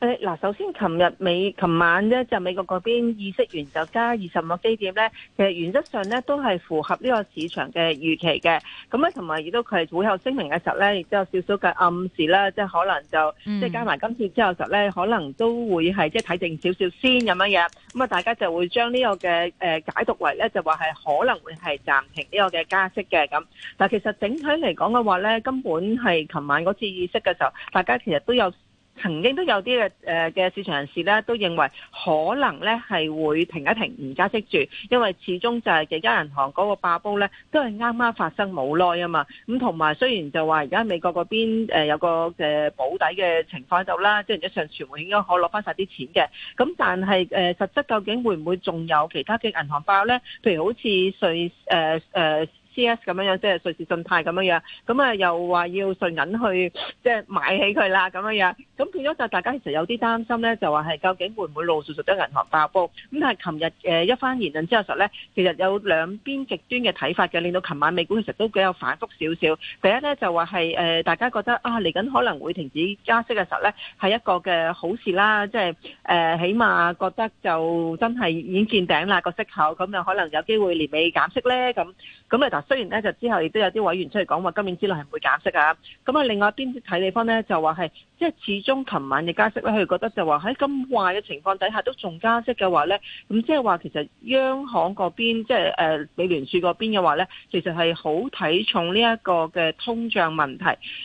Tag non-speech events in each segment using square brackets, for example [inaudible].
誒，嗱，首先，琴日美，琴晚咧就美國嗰邊議息完就加二十五個基點咧，其實原則上咧都係符合呢個市場嘅預期嘅。咁咧同埋亦都佢係會有聲明嘅時候咧，亦都有少少嘅暗示啦，即係可能就即係、嗯、加埋今次之後就咧，可能都會係即係睇定少少先咁樣嘅。咁啊，大家就會將呢個嘅誒解讀為咧，就話係可能會係暫停呢個嘅加息嘅咁。但其實整體嚟講嘅話咧，根本係琴晚嗰次議息嘅時候，大家其實都有。曾經都有啲嘅嘅市場人士咧，都認為可能咧係會停一停，唔加息住，因為始終就係幾間銀行嗰個爆煲咧，都係啱啱發生冇耐啊嘛。咁同埋雖然就話而家美國嗰邊、呃、有個嘅保底嘅情況度啦，即係一上傳媒應該可攞翻晒啲錢嘅。咁、嗯、但係誒、呃、實質究竟會唔會仲有其他嘅銀行爆咧？譬如好似瑞誒誒。呃呃咁樣樣，即、就、係、是、瑞士信貸咁樣樣，咁啊又話要順銀去即係、就是、買起佢啦，咁樣樣，咁變咗就大家其實有啲擔心咧，就話係究竟會唔會陸續續得銀行爆煲？咁但係琴日誒一番言論之後實咧，其實有兩邊極端嘅睇法嘅，令到琴晚美股其實都幾有反覆少少。第一咧就話係誒，大家覺得啊嚟緊可能會停止加息嘅時候咧，係一個嘅好事啦，即係誒、呃，起碼覺得就真係已經見頂啦、那個息口，咁就可能有機會年尾減息咧，咁咁啊雖然咧就之後亦都有啲委員出嚟講話今年之內係唔會減息啊，咁啊另外一邊睇地方咧就話係即係始終琴晚嘅加息咧，佢哋覺得就話喺咁壞嘅情況底下都仲加息嘅話咧，咁即係話其實央行嗰邊即係誒美聯儲嗰邊嘅話咧，其實係好睇重呢一個嘅通脹問題。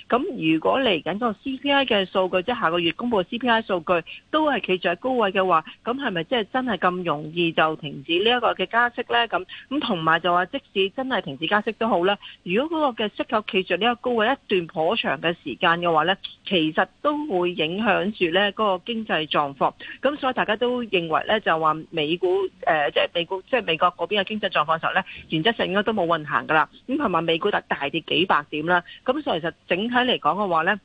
咁如果嚟緊個 CPI 嘅數據即係下個月公布 CPI 數據都係企在高位嘅話，咁係咪即係真係咁容易就停止呢一個嘅加息咧？咁咁同埋就話即使真係停止。加息都好啦，如果嗰個嘅息口企住呢一高嘅一段頗長嘅時間嘅話咧，其實都會影響住咧嗰個經濟狀況。咁所以大家都認為咧，就話美股誒，即係美股，即係美國嗰邊嘅經濟狀況嘅時候咧，原則上應該都冇運行㗎啦。咁同埋美股又大跌幾百點啦。咁所以其實整體嚟講嘅話咧。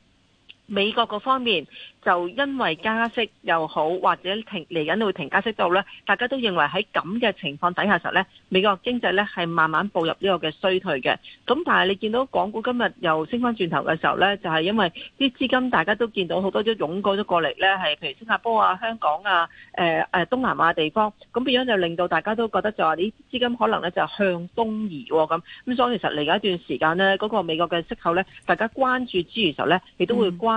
美國嗰方面就因為加息又好，或者停嚟緊會停加息到呢。大家都認為喺咁嘅情況底下時候呢，美國經濟呢係慢慢步入呢個嘅衰退嘅。咁但係你見到港股今日又升翻轉頭嘅時候呢，就係、是、因為啲資金大家都見到好多都湧過咗過嚟呢。係譬如新加坡啊、香港啊、誒誒東南亞地方，咁變咗就令到大家都覺得就話啲資金可能呢就向東移咁。咁所以其實嚟緊一段時間呢，嗰、那個美國嘅息口呢，大家關注之餘時候呢，亦都會關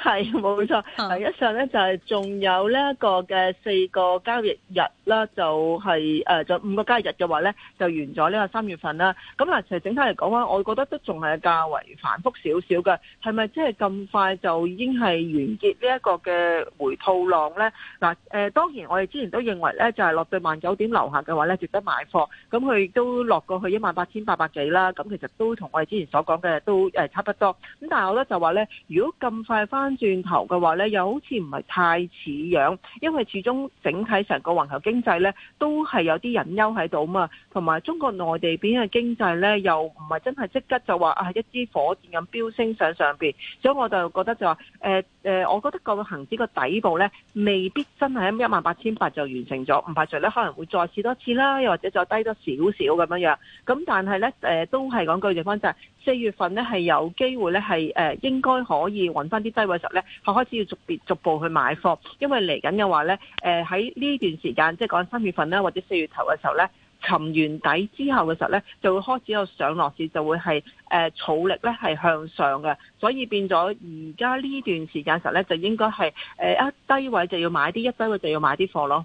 係冇錯，第一上咧就係仲有呢一個嘅四個交易日啦、就是，就係誒就五個交易日嘅話咧就完咗呢個三月份啦。咁、嗯、嗱，其實整體嚟講咧，我覺得都仲係較為反覆少少嘅。係咪即係咁快就已經係完結呢一個嘅回吐浪咧？嗱、嗯，誒、呃、當然我哋之前都認為咧就係落對萬九點樓下嘅話咧值得買貨。咁佢亦都落過去一萬八千八百幾啦。咁、嗯、其實都同我哋之前所講嘅都誒差不多。咁但係我咧就話咧，如果咁快。翻轉頭嘅話呢，又好似唔係太似樣，因為始終整體成個環球經濟呢，都係有啲隱憂喺度嘛，同埋中國內地邊嘅經濟呢，又唔係真係即刻就話啊一支火箭咁飆升上上邊，所以我就覺得就話誒誒，我覺得個恒指個底部咧，未必真係喺一萬八千八就完成咗，唔排除咧可能會再試多次啦，又或者再低多少少咁樣樣。咁但係咧，都係講句地方，就係四月份咧係有機會咧係誒應該可以搵翻啲低位時候咧，開始要逐別逐步去買貨，因為嚟緊嘅話咧，誒喺呢段時間即係講三月份啦，或者四月頭嘅時候咧。沉完底之後嘅時候咧，就會開始有上落市，就會係誒儲力咧係向上嘅，所以變咗而家呢段時間時候咧，就應該係誒一低位就要買啲，一低位就要買啲貨咯。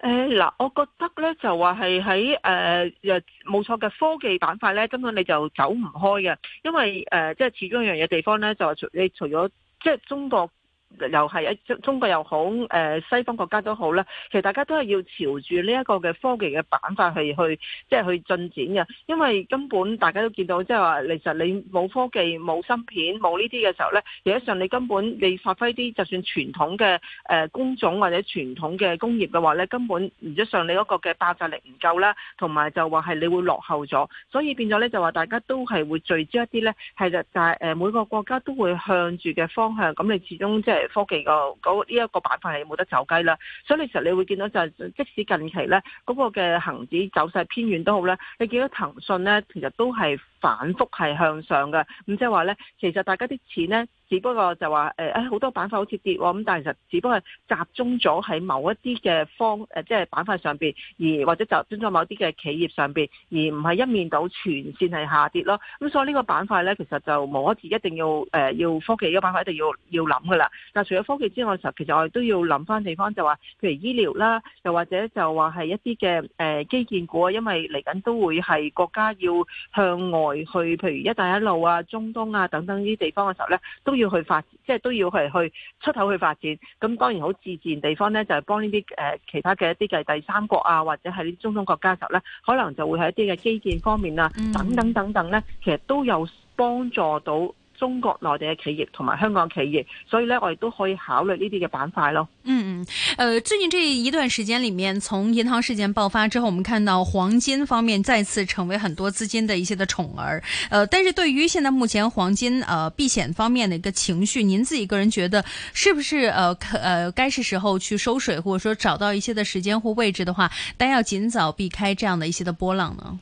誒，嗱，我覺得咧就話係喺誒，又冇錯嘅科技板塊咧，根本你就走唔開嘅，因為誒，即係，呃，就是，始終一樣嘢地方咧，就除，你除咗即係中國。又係啊！中國又好，誒西方國家都好啦。其實大家都係要朝住呢一個嘅科技嘅板塊係去，即係去進展嘅。因為根本大家都見到，即係話其實你冇科技、冇芯片、冇呢啲嘅時候咧，實際上你根本你發揮啲就算傳統嘅誒工種或者傳統嘅工業嘅話咧，根本唔一上你嗰個嘅爆炸力唔夠啦，同埋就話係你會落後咗。所以變咗咧就話大家都係會聚焦一啲咧，係就就係誒每個國家都會向住嘅方向。咁你始終即係。科技、這個嗰呢一個板塊係冇得走雞啦？所以你其實你會見到就係，即使近期咧嗰、那個嘅恒指走勢偏軟都好咧，你見到騰訊咧，其實都係。反覆係向上嘅，咁即係話呢，其實大家啲錢呢，只不過就話誒，哎、好多板塊好似跌，咁但係其實只不過集中咗喺某一啲嘅方，即係板塊上面，而或者集中咗某啲嘅企業上面，而唔係一面倒全線係下跌咯。咁所以呢個板塊呢，其實就無一次一定要誒要科技、呢個板塊一定要要諗噶啦。但除咗科技之外，其實我哋都要諗返地方，就話譬如醫療啦，又或者就話係一啲嘅誒基建股啊，因為嚟緊都會係國家要向外。去去，譬如一帶一路啊、中東啊等等呢啲地方嘅時候咧，都要去發展，即係都要係去出口去發展。咁當然好自自然地方咧，就係、係、幫呢啲誒其他嘅一啲嘅第三國啊，或者係啲中東國家嘅時候咧，可能就會喺一啲嘅基建方面啊，等等等等咧，其實都有幫助到。中國內地嘅企業同埋香港企業，所以呢我哋都可以考慮呢啲嘅板塊咯。嗯嗯，誒、呃，最近這一段時間裏面，從銀行事件爆發之後，我們看到黃金方面再次成為很多資金的一些的寵兒。誒、呃，但是對於現在目前黃金誒、呃、避險方面的一個情緒，您自己個人覺得是不是誒誒、呃呃，該是時候去收水，或者說找到一些的時間或位置的話，但要盡早避開這樣的一些的波浪呢？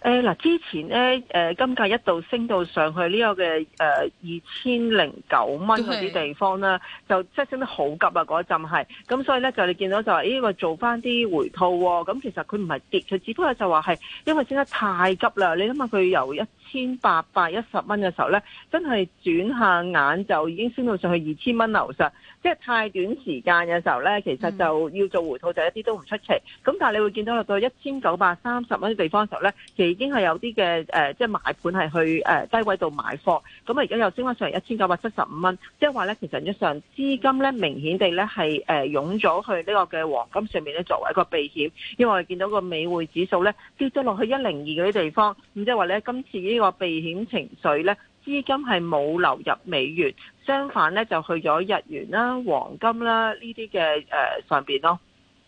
誒、欸、嗱，之前咧，誒、呃、金價一度升到上去呢、這個嘅誒二千零九蚊嗰啲地方啦，就即係升得好急啊嗰陣係，咁所以咧就你見到就話呢，話做翻啲回吐喎、哦。咁其實佢唔係跌，佢只不過就話係因為升得太急啦，你諗下佢由一千八百一十蚊嘅時候咧，真係轉下眼就已經升到上去二千蚊樓上，即、就、係、是、太短時間嘅時候咧，其實就要做回吐，就一啲都唔出奇，咁、嗯、但係你會見到到一千九百三十蚊嘅地方時候咧，已經係有啲嘅誒，即係買盤係去誒、呃、低位度買貨，咁啊而家又升翻上嚟一千九百七十五蚊，即係話咧，其實一上資金咧明顯地咧係誒湧咗去呢個嘅黃金上面咧，作為一個避險，因為我哋見到個美匯指數咧跌咗落去一零二嗰啲地方，咁即係話咧，今次呢個避險情緒咧，資金係冇流入美元，相反咧就去咗日元啦、黃金啦呢啲嘅誒上面咯。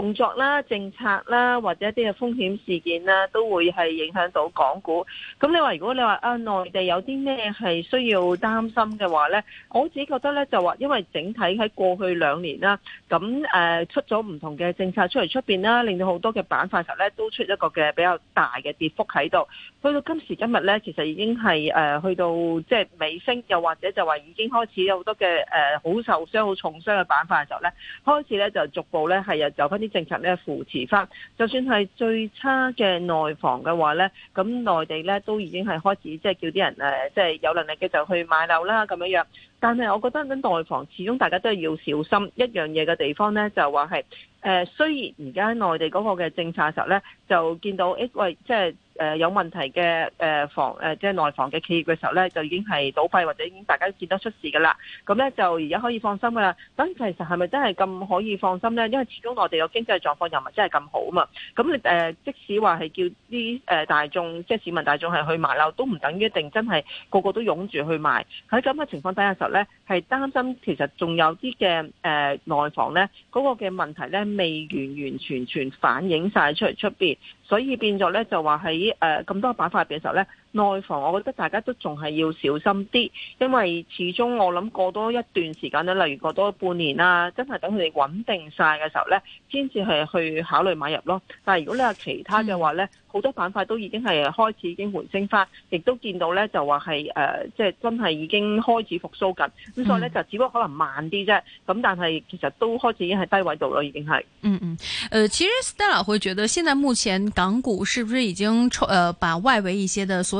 動作啦、政策啦，或者一啲嘅風險事件啦，都會係影響到港股。咁你話，如果你話啊，內地有啲咩係需要擔心嘅話咧，我自己覺得咧就話，因為整體喺過去兩年啦，咁誒、呃、出咗唔同嘅政策出嚟出邊啦，令到好多嘅板塊時候咧都出一個嘅比較大嘅跌幅喺度。去到今時今日咧，其實已經係誒、呃、去到即係尾聲，又或者就話已經開始有好多嘅誒好受傷、好重傷嘅板塊嘅時候咧，開始咧就逐步咧係又走翻啲。政策咧扶持翻，就算係最差嘅內房嘅話咧，咁內地咧都已經係開始即係叫啲人誒，即係有能力嘅就去買樓啦咁樣樣。但係我覺得咁內房始終大家都係要小心一樣嘢嘅地方咧，就話係。誒雖然而家喺內地嗰個嘅政策嘅時候咧，就見到誒、欸、喂，即係誒有問題嘅誒房誒即係內房嘅企業嘅時候咧，就已經係倒閉或者已經大家都見得出事㗎啦。咁咧就而家可以放心噶啦。咁其實係咪真係咁可以放心咧？因為始終內地嘅經濟狀況又唔係真係咁好啊嘛。咁你、呃、即使話係叫啲誒大眾即係、就是、市民大眾係去買樓，都唔等於一定真係個個都擁住去買。喺咁嘅情況底下時候咧，係擔心其實仲有啲嘅誒內房咧嗰、那個嘅問題咧。未完完全全反映晒出出邊，所以變咗咧就話喺誒咁多板塊入邊嘅時候咧。內房，我覺得大家都仲係要小心啲，因為始終我諗過多一段時間咧，例如過多半年啦，真係等佢哋穩定晒嘅時候咧，先至係去考慮買入咯。但係如果你話其他嘅話咧，好、嗯、多板塊都已經係開始已經回升返，亦都見到咧就話係誒，即係真係已經開始復甦緊。咁所以咧、嗯、就只不過可能慢啲啫，咁但係其實都開始已經係低位度咯，已經係。嗯嗯，誒、呃，其實 Stella 會覺得現在目前港股是不是已經，誒、呃，把外圍一些嘅。所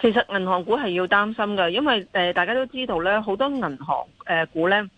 其實銀行股係要擔心㗎，因為誒、呃、大家都知道咧，好多銀行誒、呃、股咧，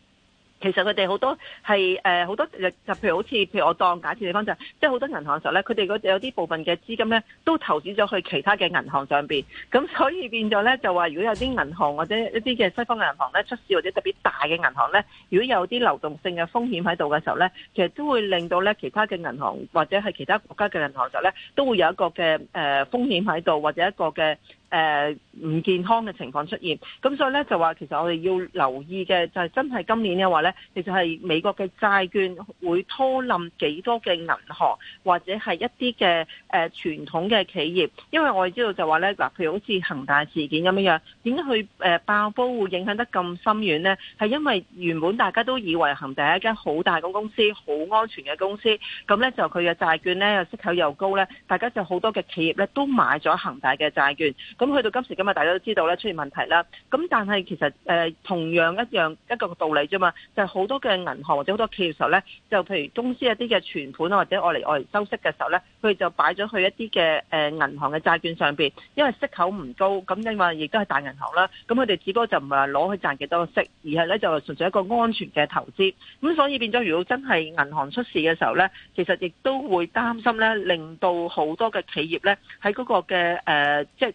其實佢哋好多係誒好多誒，譬如好似譬如我當假設地方就即係好多銀行嘅時候咧，佢哋嗰有啲部分嘅資金咧，都投資咗去其他嘅銀行上邊，咁所以變咗咧就話，如果有啲銀行或者一啲嘅西方嘅銀行咧，出事或者特別大嘅銀行咧，如果有啲流動性嘅風險喺度嘅時候咧，其實都會令到咧其他嘅銀行或者係其他國家嘅銀行就咧，都會有一個嘅誒、呃、風險喺度，或者一個嘅。誒、呃、唔健康嘅情況出現，咁所以咧就話其實我哋要留意嘅就係、是、真係今年嘅話咧，其實係美國嘅債券會拖冧幾多嘅銀行或者係一啲嘅誒傳統嘅企業，因為我哋知道就話咧，嗱譬如好似恒大事件咁樣樣，點解佢誒爆煲會影響得咁深遠呢？係因為原本大家都以為恒大係一間好大嘅公司、好安全嘅公司，咁咧就佢嘅債券咧又息口又高咧，大家就好多嘅企業咧都買咗恒大嘅債券。咁去到今時今日，大家都知道咧出現問題啦。咁但係其實同樣一樣一個道理啫嘛，就係、是、好多嘅銀行或者好多企業時時候咧，就譬如公司一啲嘅存款啊，或者愛嚟愛嚟收息嘅時候咧，佢哋就擺咗去一啲嘅誒銀行嘅債券上面，因為息口唔高。咁因為亦都係大銀行啦，咁佢哋只不過就唔係攞去賺幾多息，而係咧就純粹一個安全嘅投資。咁所以變咗，如果真係銀行出事嘅時候咧，其實亦都會擔心咧，令到好多嘅企業咧喺嗰個嘅即、呃就是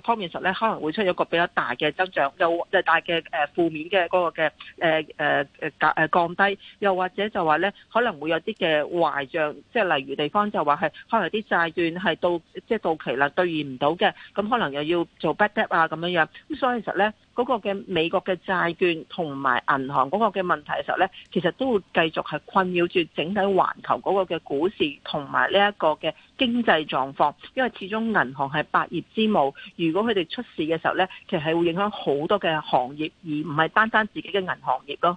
方面實咧可能會出一個比較大嘅增長，又即係大嘅誒負面嘅嗰個嘅誒誒誒降低，又或者就話咧可能會有啲嘅壞賬，即係例如地方就話係可能啲債券係到即係、就是、到期啦兌現唔到嘅，咁可能又要做 bad debt 啊咁樣樣。咁所以其實咧嗰、那個嘅美國嘅債券同埋銀行嗰個嘅問題嘅時候咧，其實都會繼續係困擾住整體環球嗰個嘅股市同埋呢一個嘅經濟狀況，因為始終銀行係百業之母。如果佢哋出事嘅時候呢，其實係會影響好多嘅行業，而唔係單單自己嘅銀行業囉。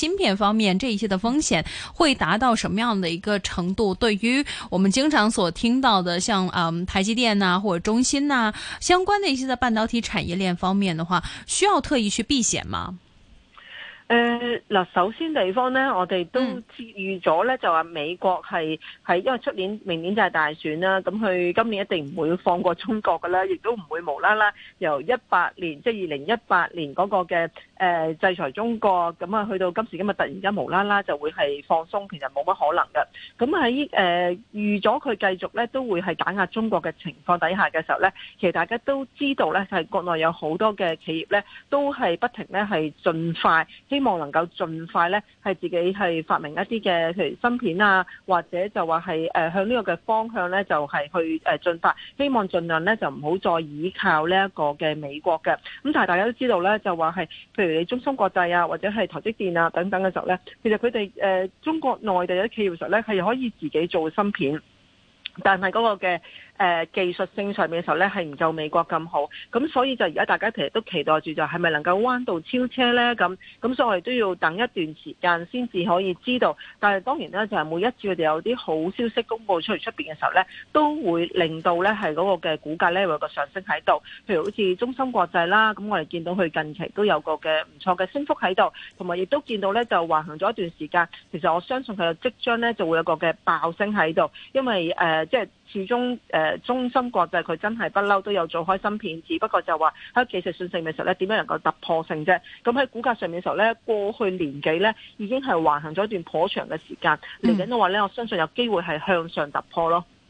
芯片方面，這一些的風險會達到什麼樣的一個程度？對於我們經常所聽到的像，像、呃、嗯台積電啊或者中芯啊相關的一些的半導體產業鏈方面的話，需要特意去避險嗎？誒、呃，嗱、呃，首先地方呢，我哋都接預咗呢，嗯、就話美國係係因為出年明年就係大選啦，咁佢今年一定唔會放過中國噶啦，亦都唔會無啦啦由一八年即係二零一八年嗰個嘅。誒制裁中國咁啊，去到今時今日突然間無啦啦就會係放鬆，其實冇乜可能嘅。咁喺誒預咗佢繼續咧都會係打壓中國嘅情況底下嘅時候咧，其實大家都知道咧，係國內有好多嘅企業咧都係不停咧係盡快，希望能夠盡快咧係自己係發明一啲嘅譬如芯片啊，或者就話係誒向呢個嘅方向咧就係去誒進發，希望儘量咧就唔好再依靠呢一個嘅美國嘅。咁但係大家都知道咧，就話係譬如。你中芯國際啊，或者係台積電啊等等嘅時候咧，其實佢哋誒中國內地嘅企業其實咧係可以自己做芯片，但係嗰個嘅。誒、呃、技術性上面嘅時候咧，係唔夠美國咁好，咁所以就而家大家其實都期待住就係咪能夠彎道超車咧咁，咁所以我哋都要等一段時間先至可以知道。但係當然咧，就係、是、每一次佢哋有啲好消息公佈出嚟出面嘅時候咧，都會令到咧係嗰個嘅股價咧會有個上升喺度。譬如好似中芯國際啦，咁我哋見到佢近期都有個嘅唔錯嘅升幅喺度，同埋亦都見到咧就橫行咗一段時間。其實我相信佢就即將咧就會有個嘅爆升喺度，因為誒、呃、即係。始終誒、呃、中心國際，中芯國際佢真係不嬲都有做開芯片，只不過就話喺技術性上面嘅時候咧，點樣能夠突破性啫？咁喺股價上面嘅時候咧，過去年幾咧已經係橫行咗一段頗長嘅時間，嚟緊嘅話咧，我相信有機會係向上突破咯。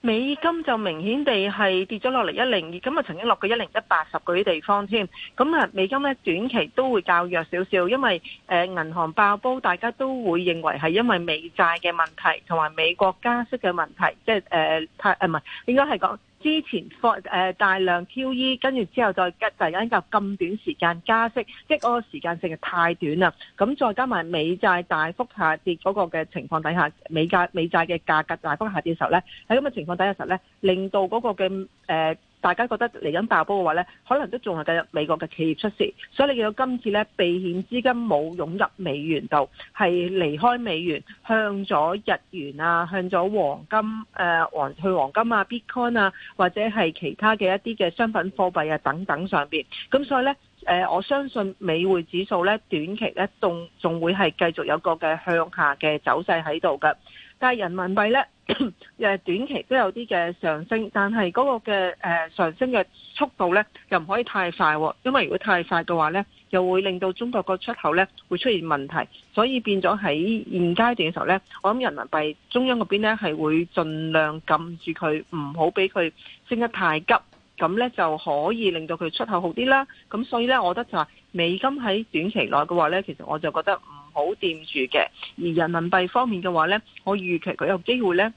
美金就明顯地係跌咗落嚟一零二，咁啊曾經落過一零一八十嗰啲地方添，咁啊美金咧短期都會較弱少少，因為誒、呃、銀行爆煲，大家都會認為係因為美債嘅問題同埋美國加息嘅問題，即係誒、呃、太啊唔係應該係講。之前放大量 QE，跟住之後再突然間就咁短時間加息，即係嗰個時間性係太短啦。咁再加埋美債大幅下跌嗰個嘅情況底下，美價美債嘅價格大幅下跌嘅時候咧，喺咁嘅情況底下嘅時候咧，令到嗰個嘅誒。呃大家覺得嚟緊大波嘅話呢，可能都仲係入美國嘅企業出事，所以你見到今次呢避險資金冇湧入美元度，係離開美元向咗日元啊，向咗黃金誒去黃金啊、Bitcoin 啊，或者係其他嘅一啲嘅商品貨幣啊等等上面。咁所以呢，誒，我相信美匯指數呢短期呢仲仲會係繼續有個嘅向下嘅走勢喺度嘅。但係人民幣咧， [coughs] 短期都有啲嘅上升，但係嗰個嘅誒、呃、上升嘅速度咧，又唔可以太快，啊，因為如果太快嘅話咧，又會令到中國個出口咧會出現問題，所以變咗喺現階段嘅時候咧，我諗人民幣中央嗰邊咧係會盡量撳住佢，唔好俾佢升得太急，咁咧就可以令到佢出口好啲啦。咁所以咧，我覺得就係、是、美金喺短期內嘅話咧，其實我就覺得。好掂住嘅，而人民幣方面嘅話咧，我預期佢有機會咧，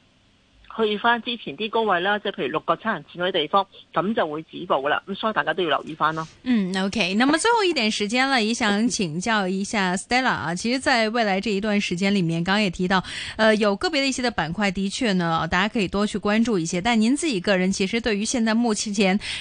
去翻之前啲高位啦，即係譬如六個七毫錢嗰啲地方，咁就會止步啦。咁所以大家都要留意翻咯。嗯，OK。那麼最後一點時間啦，也想請教一下 Stella 啊。其實，在未來這一段時間裏面，剛也提到，呃，有個別的一些的板塊，的確呢，大家可以多去關注一些。但您自己個人，其實對於現在目前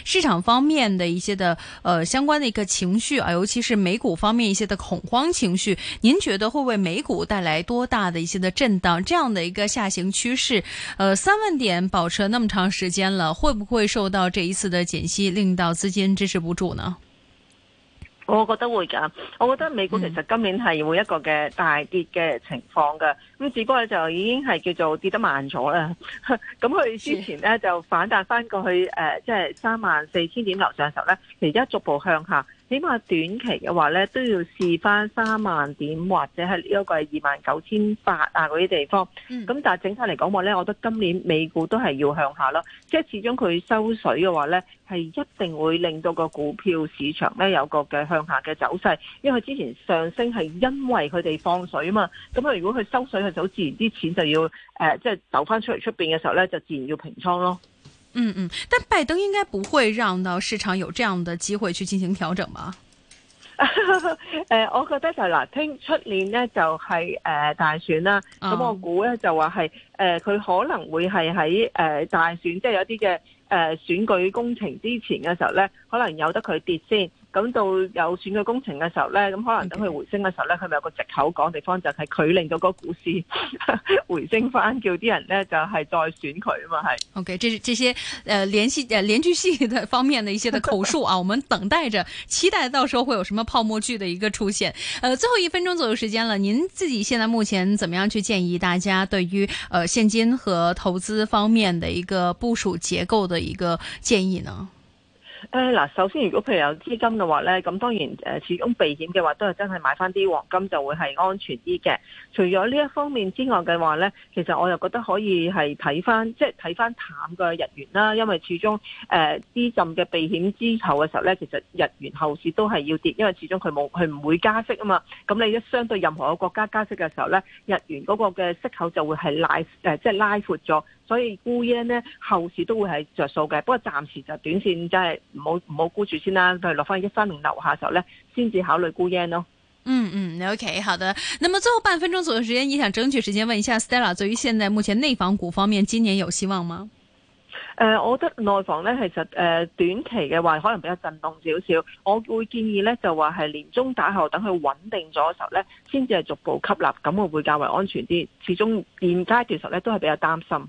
市場方面的一些的，呃，相關的一個情緒啊，尤其是美股方面一些的恐慌情緒，您覺得會為美股帶來多大的一些的震盪？這樣的一個下行趨勢，呃。三萬點保持咗那麼長時間了，會不會受到這一次的減息令到資金支持不住呢？我覺得會噶，我覺得美股其實今年係會有一個嘅大跌嘅情況噶，咁、嗯、只不過就已經係叫做跌得慢咗啦。咁 [laughs] 佢之前呢就反彈翻過去誒，即係三萬四千點樓上嘅時候呢，而家逐步向下。起碼短期嘅話咧，都要試翻三萬點或者係一個係二萬九千八啊嗰啲地方。嗯。咁但係整體嚟講話咧，我覺得今年美股都係要向下咯。即係始終佢收水嘅話咧，係一定會令到個股票市場咧有個嘅向下嘅走勢。因為佢之前上升係因為佢哋放水啊嘛。咁啊，如果佢收水係就好自然啲錢就要誒，即係走翻出嚟出面嘅時候咧，就自然要平倉咯。嗯嗯，但拜登應該不會讓到市場有這樣的機會去進行調整吧？誒、 [laughs] 呃，我覺得就係嗱，聽出年呢就係、是、誒、呃、大選啦，咁、oh. 我估咧就話係誒佢可能會係喺誒大選，即、就、係、是、有啲嘅誒選舉工程之前嘅時候咧，可能有得佢跌先。咁到有選舉工程嘅時候呢，咁可能等佢回升嘅時候呢，佢、okay. 咪有個藉口講地方就係、是、佢令到個股市回升翻，叫啲人呢，就係、是、再選佢啊嘛係。OK，這是這些呃連續誒連續性嘅、呃、方面的一些嘅口述啊， [laughs] 我們等待着，期待到時候會有什麼泡沫劇的一個出現。呃最後一分鐘左右時間了，您自己現在目前怎麼樣去建議大家對於呃現金和投資方面的一個部署結構的一個建議呢？誒，嗱，首先如果譬如有資金嘅話咧，咁當然誒，始終避險嘅話都係真係買翻啲黃金就會係安全啲嘅。除咗呢一方面之外嘅話咧，其實我又覺得可以係睇翻，即係睇翻淡嘅日元啦。因為始終誒，資金嘅避險之後嘅時候咧，其實日元後市都係要跌，因為始終佢冇、佢唔會加息啊嘛。咁你一相對任何個國家加息嘅時候咧，日元嗰個嘅息口就會係拉誒，即係拉闊咗。所以沽煙呢，後市都會係着數嘅。不過暫時就短線真係唔好唔好沽住先啦。佢落翻去一三零樓下嘅時候咧，先至考慮沽煙咯。嗯嗯，OK，好的。那麼最後半分鐘左右的時間，你想爭取時間問一下 Stella，對於現在目前內房股方面，今年有希望嗎？誒、呃，我覺得內房咧，其實誒、呃、短期嘅話可能比較震動少少。我會建議咧就話係年中打後，等佢穩定咗嘅時候咧，先至係逐步吸納，咁我會較為安全啲。始終現階段實咧都係比較擔心。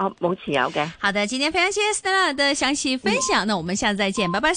哦，冇持有嘅。好的，今天非常謝謝 Stella 的詳細分享， [noise] 那我們下次再見，拜拜。